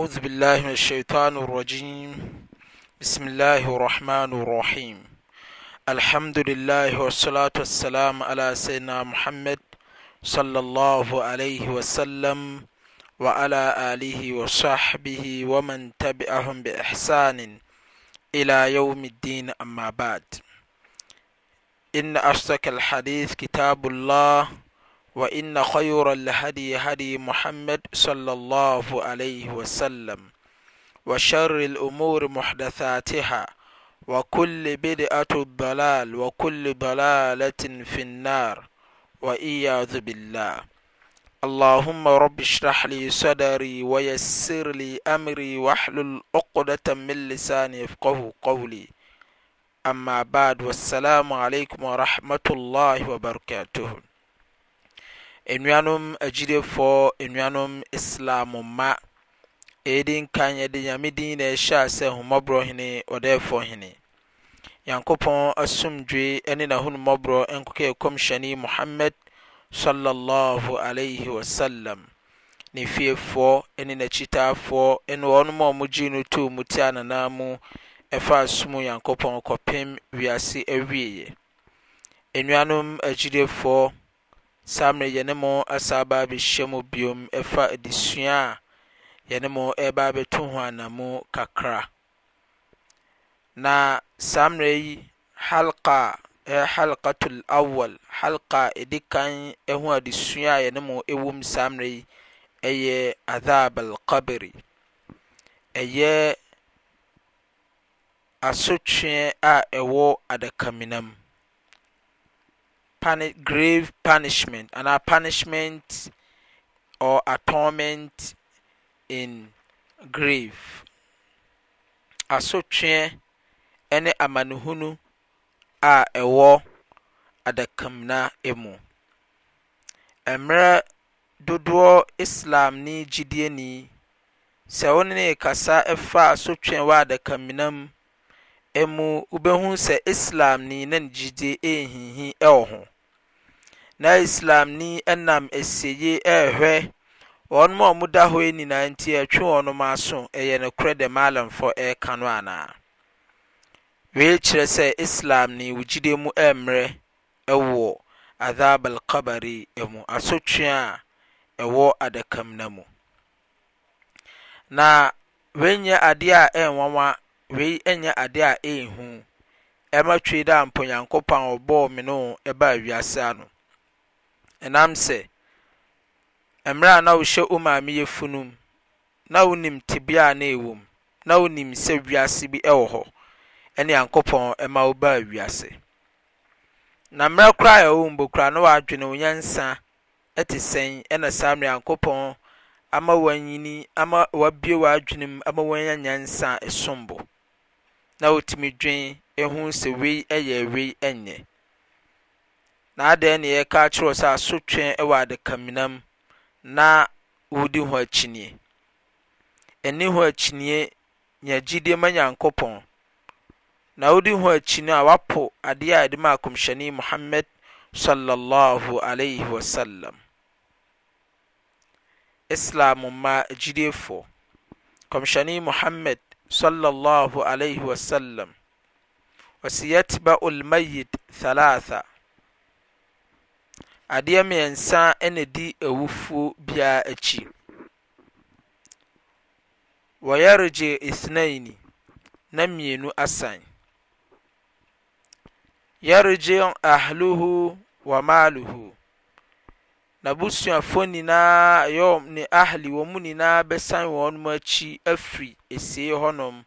أعوذ بالله من الشيطان الرجيم بسم الله الرحمن الرحيم الحمد لله والصلاة والسلام على سيدنا محمد صلى الله عليه وسلم وعلى آله وصحبه ومن تبعهم بإحسان إلى يوم الدين أما بعد إن أصدق الحديث كتاب الله وإن خير الهدي هدي محمد صلى الله عليه وسلم وشر الأمور محدثاتها وكل بدعة ضلال وكل ضلالة في النار وإياذ بالله اللهم رب اشرح لي صدري ويسر لي أمري واحلل عقدة من لساني يفقه قولي أما بعد والسلام عليكم ورحمة الله وبركاته nnuanom agyilefoɔ nnuanom islam ma edi nkan yɛde nyame din na ɛhyɛ ase sɛ ahomɔborɔ hene ɔdɛɛfoɔ hene nyankopɔn asomdwe ne n'ahonumɔborɔ nkokɛ kɔmhyɛne muhammad sallallahu alaihi wasallam ne fiefoɔ ne n'akyitaafoɔ ne wɔn a wɔgye no too mu ti ananaa mu ɛfa som nyankopɔn kɔpem wiase awieeɛ nnuanom agyilefoɔ sammere yɛne mo asaa baabɛhyiamu biom ɛfa adesua a yɛne mo ɛbaabɛto ho anamu kakra na sammerɛ yi halkaa halkatolawal halka a ɛdi kan ho adesua a yɛne mo ɛwum sammere yi ɛyɛ adab alkabery ɛyɛ asoteɛ a ɛwɔ adakaminam puni grave punishment our punishment or atonement in grave asotwe ne amanehunu a ɛwɔ adakamna mu mmerɛ dodoɔ islamni ni sɛ wo ne kasa ɛfa asotweɛn wɔ adakamna mu mu wobɛhu sɛ islam na ne gyidie hihi wɔ ho na islamni ɛnam asieyi ɛhwɛ wɔnom a muda hɔ nyinaa nti atwe hɔnom aso ɛyɛ no korɛ de mallemfo ɛrɛka no anaa wei kyerɛ sɛ islam ne wogyide mu mmerɛ wɔ adab alkabary amu asotwea a ɛwɔ adakamina mu na weinyɛ adeɛ a nwanwa wei nyɛ adeɛ a nhu ɛma twei da a mponyankopɔn a wɔbɔɔ me no ba wiaseano ɛnam sɛ mmerɛ a na wohyɛ wo maame yɛ mu na wonim tebea a na ɛwɔ mu na wonim sɛ wiase bi wɔ hɔ ɛne yankopɔn ma wo wiase na mmerɛ koraa a ɛwɔ mu bokura na wadwene wo nyansa ɛte sɛn ɛna saa mmerɛ yankopɔn ama wanyini ama wabie w'adwene mu ama wanya nyansa ɛsom bo na wotumi dwen ɛho sɛ wei yɛ wei ɛnyɛ na adan na yɛka kyerɛ sɛ asotwe wɔ adekaminam na wodi ho akyinie ɛne ho akyinie nya gyidie ma nyankopɔn na wodi ho akyinie a wapo adeɛ a yɛde ma akɔmhyɛne muhammad sallallahu alaihi wasallam islam ma gyidiefoɔ kɔmhyɛne muhammad sallallahu alaihi wasallam wɔsi yɛtiba ulmayit thalatha Adeɛ mmiɛnsa na di awufoɔ biara akyi. Wɔyaregye ithnain na mmienu asan. Yarigye ahluhu wa maaluhu. n'abusuafo nyinaa ɛyɛ wɔn ne ahli wɔn nyinaa bɛsan wɔn akyi afiri asiei hɔnom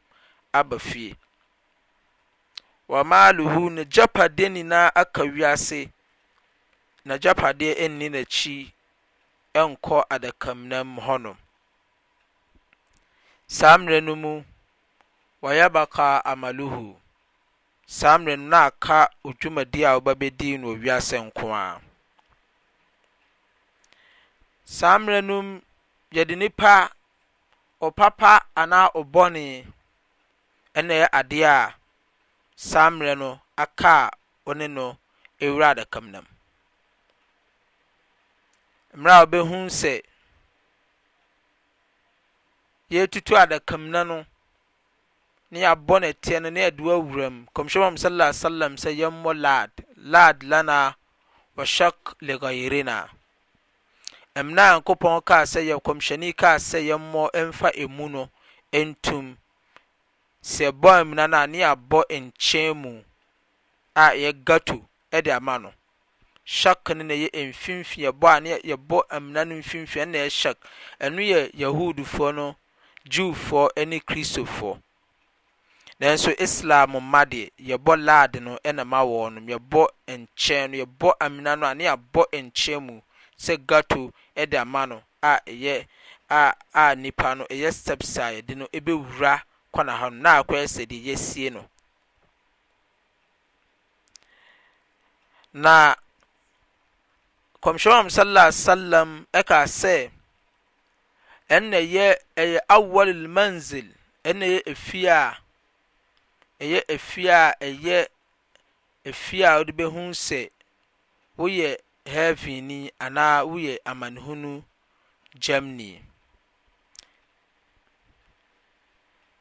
aba fie. Wa maaluhu n'agyapade nyinaa aka wiase. na japadeɛ nni n'akyi ɛnkɔ adakamnam hɔnom saa mmerɛ no mu wɔyɛ baka amaluhu saa mmerɛ no na aka odwumadi a bɛdi no owiase nko a saa mmerɛ no mu yɛde nipa ɔpapa anaa ɔbɔne ɛna ɛyɛ adeɛ a saa mmerɛ no aka a ɔne no ɛwura adakamnam mmerɛ a wobɛhu sɛ yɛtutu adakamna no ne yɛabɔ no teɛ no ne yɛde wawura mu kɔmhyɛ mam sala salam sɛ yɛmmɔ lad lad lana washak legairina ɛmna nyankopɔn kaa sɛ yɛ kɔmhyɛni kaa sɛ yɛmmɔ ɛmfa emu no ntum sɛ ɛbɔ amina no a ne yɛabɔ nkyɛn mu a yɛ gato ɛde ama no syɛk no neyɛ mfifi yɛbɔ amina no mfinmfi n naɛsyɛk ɛno yɛ yahodifoɔ no jewfoɔ ne kristofoɔ nanso islam ma deɛ yɛbɔ lad no nama wɔɔ nom yɛbɔ nkyɛn no yɛbɔ amina no a ne abɔ nkyɛn mu sɛ gato de ama no a nnipa no yɛ sɛpsa yɛde no bɛwura kɔna ha no na kyɛ sɛdeɛ yɛasie no komsyɛn m saalsalm kasɛ ɛnɛ y yɛ awal lmanzel nɛy f y f fiea wode behu sɛ woyɛ havini anaa woyɛ amanehuno gamne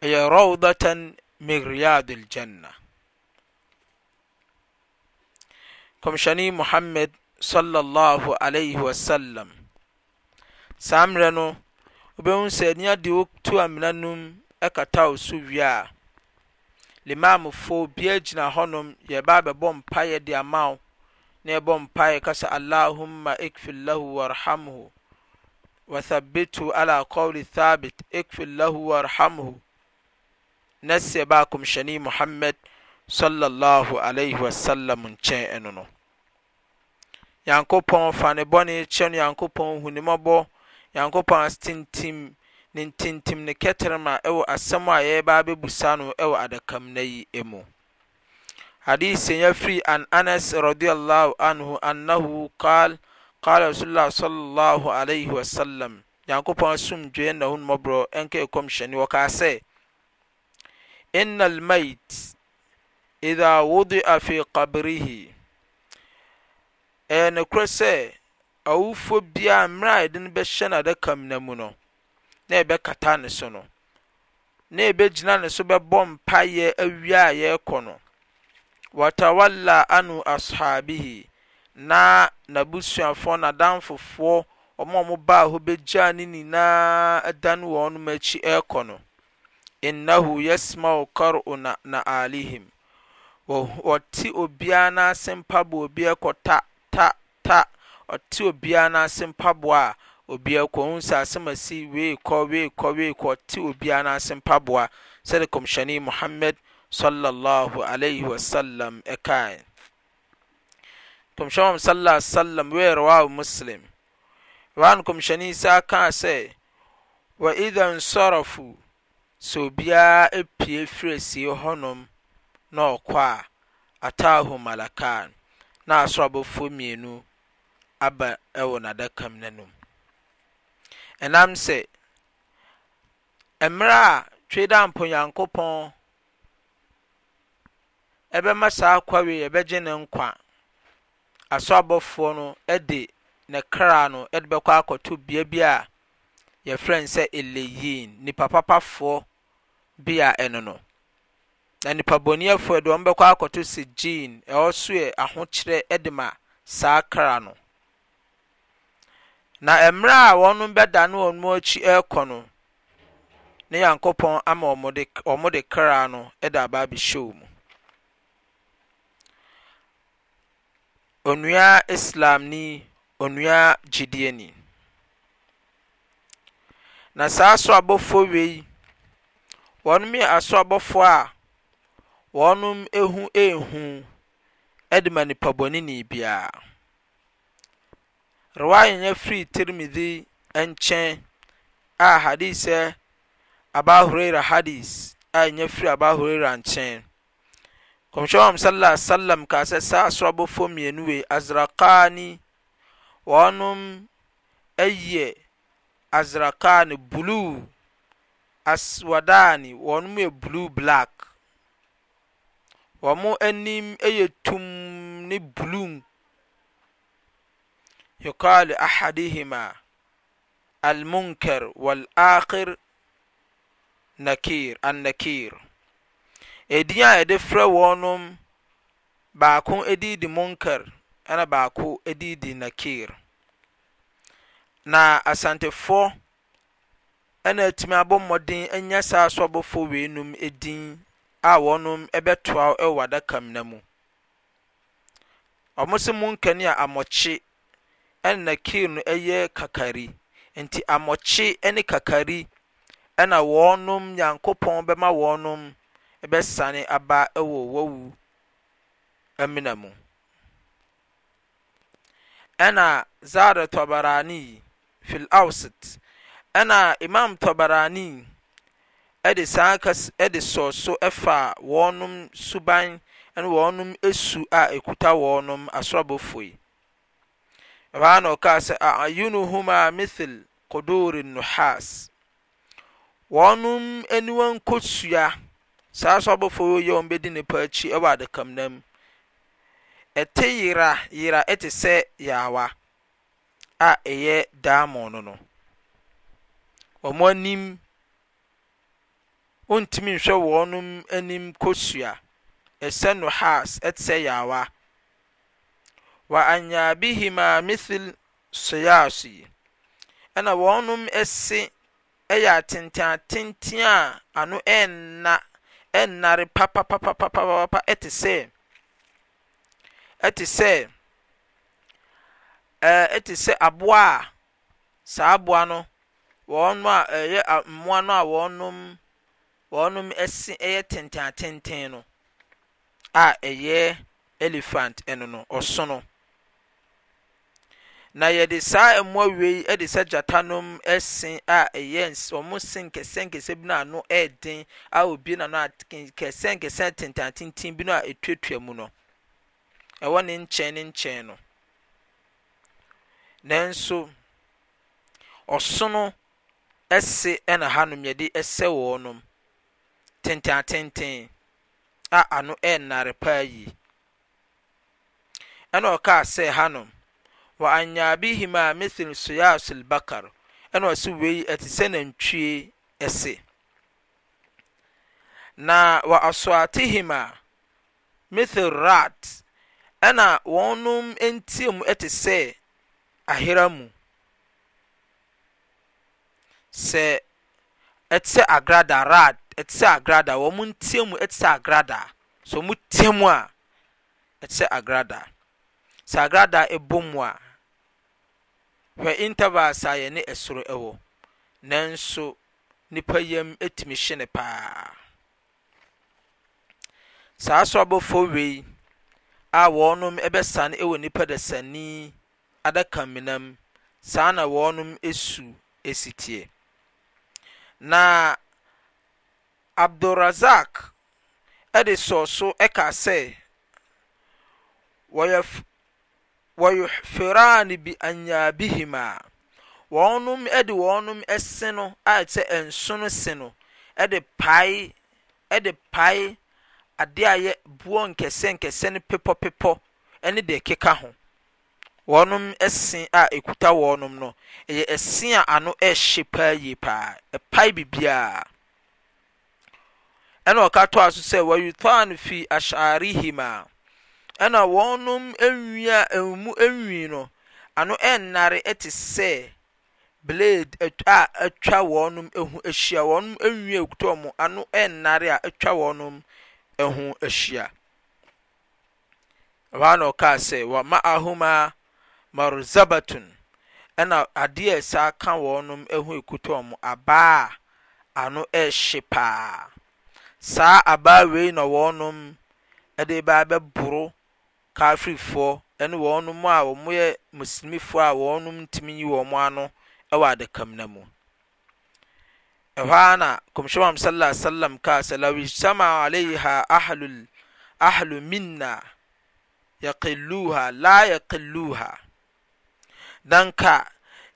yɛ raudatan men riad ljanna kyɛe muhamd saa mmerɛ no wobɛhu sɛ ani ade wo tu amina nom ɛkatao so wie a limamfo biaa gyina hɔnom yɛbaa bɛbɔ mpaeɛ de amaw na yɛbɔ mpaeɛka sa allahomma ikfir laho wrham ho wathabitho ala kawle thabit ikfir laho warham ho na si ɛ ɛbaa kɔmhyɛnei mohammad swsm nkyɛn ɛno no nyankopɔn fa ne bɔneekyɛ no nyankopɔn hunimɔbɔ nyankopɔ astintim nentintim ne kɛterema ɛwɔ asɛm ayɛbabɛbusa no wɔ adakamnayimu hadis yafri ananas raanah a al rsla swsm yankopɔasdyɛɔɛ ɛyɛ nokorɛ sɛ awufoɔ biara mmerɛ a yɛde no bɛhyɛ no adaka no mu no na yɛbɛkata ne so no na yɛbɛgyina ne so bɛbɔ mpayɛ awia a yɛrekɔ no watawalla anu ashabihi na n'abusuafoɔ n'adamfofoɔ wɔn a wɔbaa hɔ bɛgyaa ne nyinaa ɛdan wɔn nom akyi ɛrekɔ no innahu yasmau karu na na alihim wɔte obiara n'ase mpaboa obiara kɔta tta ɔte obia noase mpaboa a obia kɔohu saasɛmasi wei kɔ wei kɔ wei kɔ ɔte obia naase mpaboa sɛde kɔmhyɛne muhamad swsm ɛka kɔmsyɛn ɔm m weɛ rawaho muslim wa n kɔmhyɛne saa kaa sɛ withe nsarɔfo sɛ obiara pue firɛsie hɔnom na ɔkɔɔ a atahɔ malakan na asɔ mmienu aba ɛwɔ n'adaka mu n'anum ɛnam sɛ mmerɛ a twedampɔ nyankopɔn ɛbɛma saa kwawe ɛbɛgye ne nkwa asɔ no ɛde ne kra no de bɛkɔ akɔto bea bi a yɛfrɛ no sɛ eleyin nipa papafoɔ bi a ɛno no na nipa bɔniɛfoɔ deɛ wɔn bɛkɔ akɔto jean ɛwɔ so yɛ ahokyerɛ de ma saa kra no na mmerɛ a wɔn bɛdane wɔn akyi ɛrekɔ no ne yankopɔn ama wɔn de kra no de aba abɛhyɛ mu onua islamni onua gyidieni na saa aso abɔfoɔ wei wɔn yɛ aso abɔfoɔ a ɔnom h h dmanepabɔninibia rewa ynyɛ fri termidy nky a hadis abaureira hadis ay fr abareira nky csiɛa sm kassɛ asorfoene azrakan ɔnom y azrakan blue aswadan ɔnm yɛ blue black a mo anim yɛ tum ne blun ukal ahadihima almunkar walaer anaker din a ɛde frɛ wɔnom baako didi monker nabaako didi naker na asante f naatimi abomɔden nyasa sbfwenum din a wɔnom bɛtoa wɔ w'adaka no mu wɔn sɛ munkani a amɔkye ɛna nakir no yɛ kakari nti amɔkye ne kakari ɛna wɔnom nyankopɔn bɛma wɔnom bɛsane aba wɔ wɔwu amena mu ɛna zara tɔbarani fil ausit ɛna imam tɔbarani ɛde saa kɛse ɛde sɔɔ so ɛfaa wɔnom suban ɛne wɔnom esu a ekuta wɔnom asorɔbɔfo yi ɛhɔ na ɔkaa sɛ ayunuhuma mithil kodori nuhas wɔnom aniwa nkosua saa asorɔbɔfo yi yɛ wɔn bɛdi nipa akyi ɛwɔ adakam nam ɛte yira yira ɛte sɛ yawa a ɛyɛ daamɔn no no wɔn anim. wontimi nhwɛ wɔɔ nom anim kɔsua ɛsiɛno hars ɛte sɛ yawa wɔ anyabihima mythl soya so yi ɛna wɔɔnom se yɛ atentenatenten a ano nnare papaa eɛte sɛ aboaa saa boa no wɔ no aymmoa no a wɔnom wɔnom ɛsi ɛyɛ tentenatenten no a ɛyɛ elephant ɛno no ɔsono na yɛde saa mmoa wei ɛde sɛ gyata nom ɛsi a ɛyɛ wɔn si nkɛsɛnkɛsɛ bi n'ano ɛɛden a obi n'ano a nkɛsɛnkɛsɛ tentenatenten bi no a etuatua mu no ɛwɔ ne nkyɛn ne nkyɛn no nanso ɔsono ɛsi ɛna hanom yɛde ɛsɛ wɔnom. atenten atenten a ano ɛnnare paa yi ɛna ɔkaa sɛ hanom wɔ anyaabihi ma mithil soyasul bakar ɛna ɔsɛ wei ɛte sɛ nantwie ɛse na wa asoatihim hima mithil rat ɛna wɔnom ntiam ɛte sɛ ahera mu sɛ ɛte sɛ agrada rat ɛte agrada wɔn mo nteɛ mu ɛte sɛ agrada so mo teɛ mu a ɛte sɛ agrada sɛ agrada ɛbɔ mu a hwɛ sa a yɛne ɛsoro ɛwɔ nanso nipa yam ɛtumi hye ne paa saa so abɔfo wei a wɔnom ɛbɛsane ɛwɔ nipa dasani adaka minam saa na wɔnom esu esitie na abdulrazak ɛde sɔɔ so ɛka sɛ wɔyɛ wɔyɛ bi anyabihima wɔnom ɛde wɔnom ɛse no a ɛkyɛ nsono e se no ɛde pae ɛde pae adeɛ a yɛ buo nkɛsɛ nkɛsɛ no pepɔpepɔ ɛne deɛ ɛkeka ho wɔnom ɛse a ɛkuta wɔnom no ɛyɛ ɛse a ano ɛhyɛ paa yie paa ɛpae bibiara ɛna ɔka tɔa so sɛ wɔyutan fi asharihima ɛna wɔnom nwi a ɛmu nwi no ano ɛnnare te sɛ blade a atwa wɔnom ho ahyia wɔnom nwi a ɛkuta mu ano ɛnnare a atwa wɔnom ho ahyia ɛhɔ na ɔkaa sɛ wɔma ahoma marzabatun ɛna adeɛ a ɛsa ka wɔnom ho ekuta mu abaa ano ɛhye paa saa abaa wei na wɔnom de baa bɛboro kafirifoɔ ne wɔnom a wɔyɛ musulmifoɔ a wɔnom ntumi nyi wɔn ano wɔ na mu ɛhɔ ara na kɔmhyɛ mam sallallahu alaihi wasallam kaa sɛ law ijtama alaiha ahlul ahlu minna yaqilluha la yaqilluha danka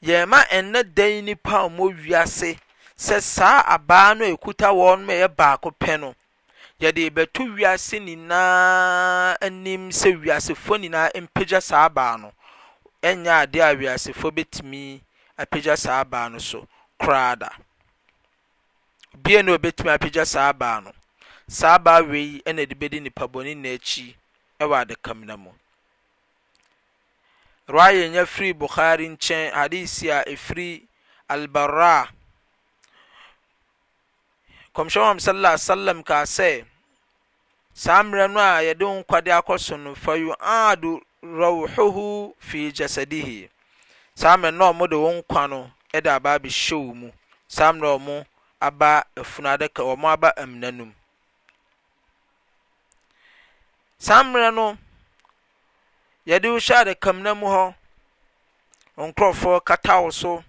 yɛma ɛnna dan nipa a wɔwɔ wiase sɛ saa abaa no a ɛkuta wɔn no ɛyɛ baako pɛ no yɛde bɛto wiase nyinaa anim sɛ wiasefoɔ nyinaa mpagya saa abaa no ɛnyɛ adeɛ a wiasefoɔ bɛtumi apagya saa abaa no so koraa da bie na obɛtumi apagya saa abaa no saa abaa wei ɛna de bɛdi nipa bɔne n'akyi ɛwɔ adekamena mu ruwa yɛnya firi bukhari nkyɛn hadisi a ɛfiri albara kɔmhyɛ am salla salam ka sɛ saa mmerɛ no a yɛde wo nkwade akɔ so no fa uado rawhohu fii jasadihi saa merɛ na ɔmode wo nkwa no ɔda abaabihyɛ wo mu saa merɛ ɔm aba aminnum saa mmerɛ no yɛde wohyaada kamina mu hɔ ɔnkurɔfoɔ katawo so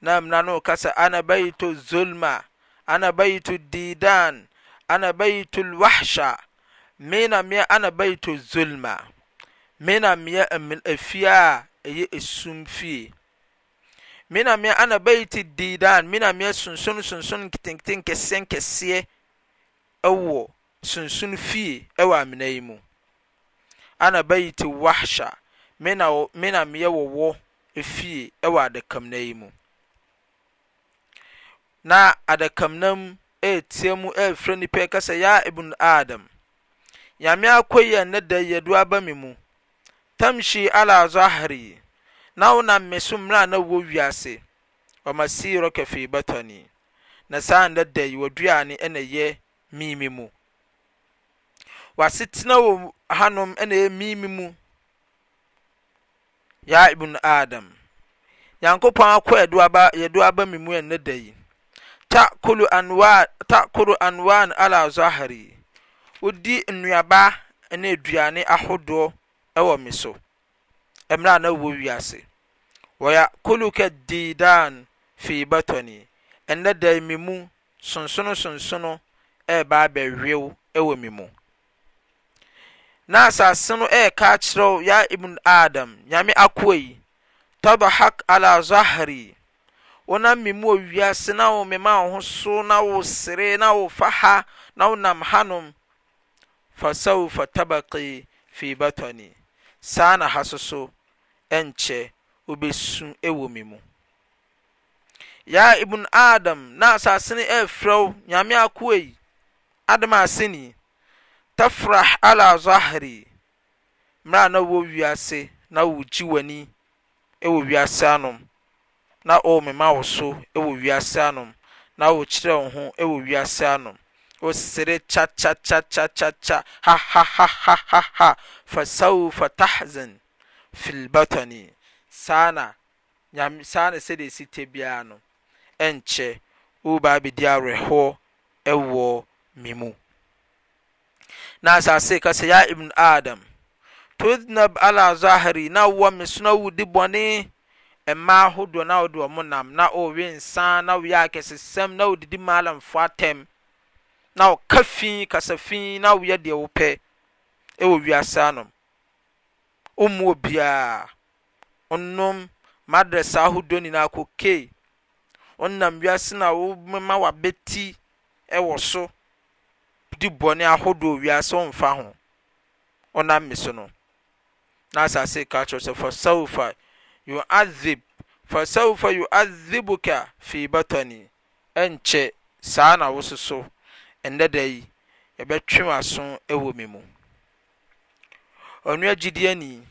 na amina no okasa anabaito zulma anabt didan anabt wahsa menam anabit zulma menamfi ye sum fie ant didan n snss ktktssw snson fie wmm anat waa mename wwɔ fie wdakamm na adakamnam ɛtia mu afirɛ nipɛ kɛsa ya ibnu adam nyame akɔyi ɛnna dayi yɛdowaba mi mu tam hyii ala zɔ ahareyi na wona me so mmera a na wɔ wiase ɔma sii rɔkɛ fei bɔtɔnii na saa nna da yi wɔduane ɛna yɛ mim mu wasetena wɔ hanom na yɛ mim mu ya ibn adam nyankopɔn akɔ yɛdoaba m mu nna dai tacolu anwan ala zahri wodi nnuaba ne duane ahodoɔ wɔ me so mmra a nawo wiase wyacolu caddidan fii batany ɛnna da me mu sonsono sonsono baa bɛwew wɔ me mu na sase no ɛ kar kyerɛw ya ibnu adam nyame akoayi tadhak ala zahry ona memu wɔ wiase na wo me ma wo ho so na wo sere na wo fa ha na wo nam hanom fa sfa tabaky fe batani saa na ha so so ɛnkyɛ obɛsu wɔ me mu ya ibn adam na asase ne afirɛ o nyame akoei adam ase ni tafrah ala zahri merɛ ana wo wiase na wo gyi w'ani ɛwɔ wiase anom na ɔremema wo so wɔ wiase anom na ɔrekyerɛ wo ho wɔ wiase anom ɔsere ha ha fasawfa tahzen filbatani saa na nyame saa na sɛdeɛ ɛsi tɛ biara no ɛnkyɛ woba abɛdi awerɛhoɔ ɛwɔ me mu na asase ka ya ibn adam tudnab ala zahari na wɔ me so na mmaa ahodoɔ na wɔde wɔn nam na wɔwe nsa na wɔyɛ akɛsesɛm na wɔdidi maalamfoɔ atɛm na ɔka fi kasa fi na ɔyɛ deɛ ɔpɛ ɛwɔ wiase anom wɔmmu obiara ɔnom madrasa ahodoɔ nyinaa kɔ ɔnam wiase na ɔmema wabɛti ɛwɔ so di bɔne ahodoɔ wiase ɔmfa ho ɔnam mi so no na asase ka kyerɛ sɛ fɔ sawfa yu'adhib fasawfa yu'adhibuka fi batani ɛnkyɛ saa na wososo, soso ɛnnɛ da yi yɛbɛtwe w'aso ɛwɔ me mu ɔno agyidie ni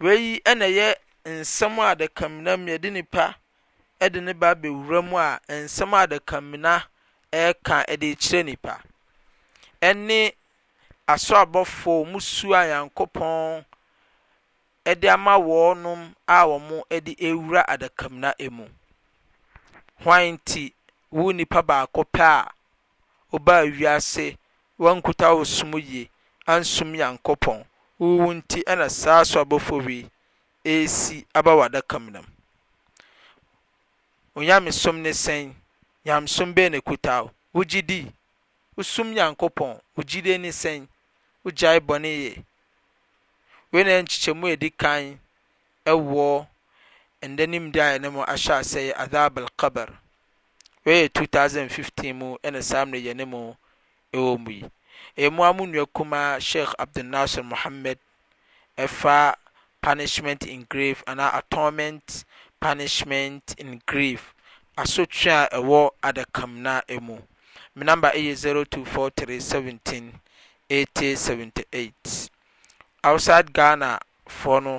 wei ɛna yɛ nsɛm a adakamena mu yɛde nipa ɛde ne ba abɛwura mu a nsɛm a adakamena ɛɛka ɛde kyerɛ nipa ɛne aso abɔfoɔ musu a yankopɔn de ama wɔnom a wɔn wɔde rewura adaka mu hwan nti wo nipa baako pɛ a wobaa wiase wankita wo som yie ansom nyankopɔn wowo nti ɛna saa so abɔfo wi ɛresi aba wɔ adakamena mu onyamesom ne sɛn nyamesom bɛɛ na ɛkuta wo wogye di wosom nyankopɔn wogyidie ne sɛn wogyae bɔne yɛ weine ɛ nkyikyeɛmu yɛdi kan ɛwoɔ ndɛ nimde a yɛne mu ahyɛasɛy adab lkabar weyɛ 2015 mu ɛne sam ne yɛne mu ɛwɔ mu yi yɛmu a mo nnua kuma shiih abdnnaser mohamad ɛfa punishment in grave anaa attorment punishment in grave asotea a ɛwɔ adakamna mu me nambe yɛ 0243 17 878 ousid ghana fonu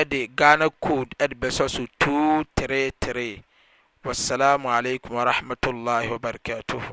edi ghana kod edi besosu 233 wassalaamu aleykum warahmatullahi wabarakatuhu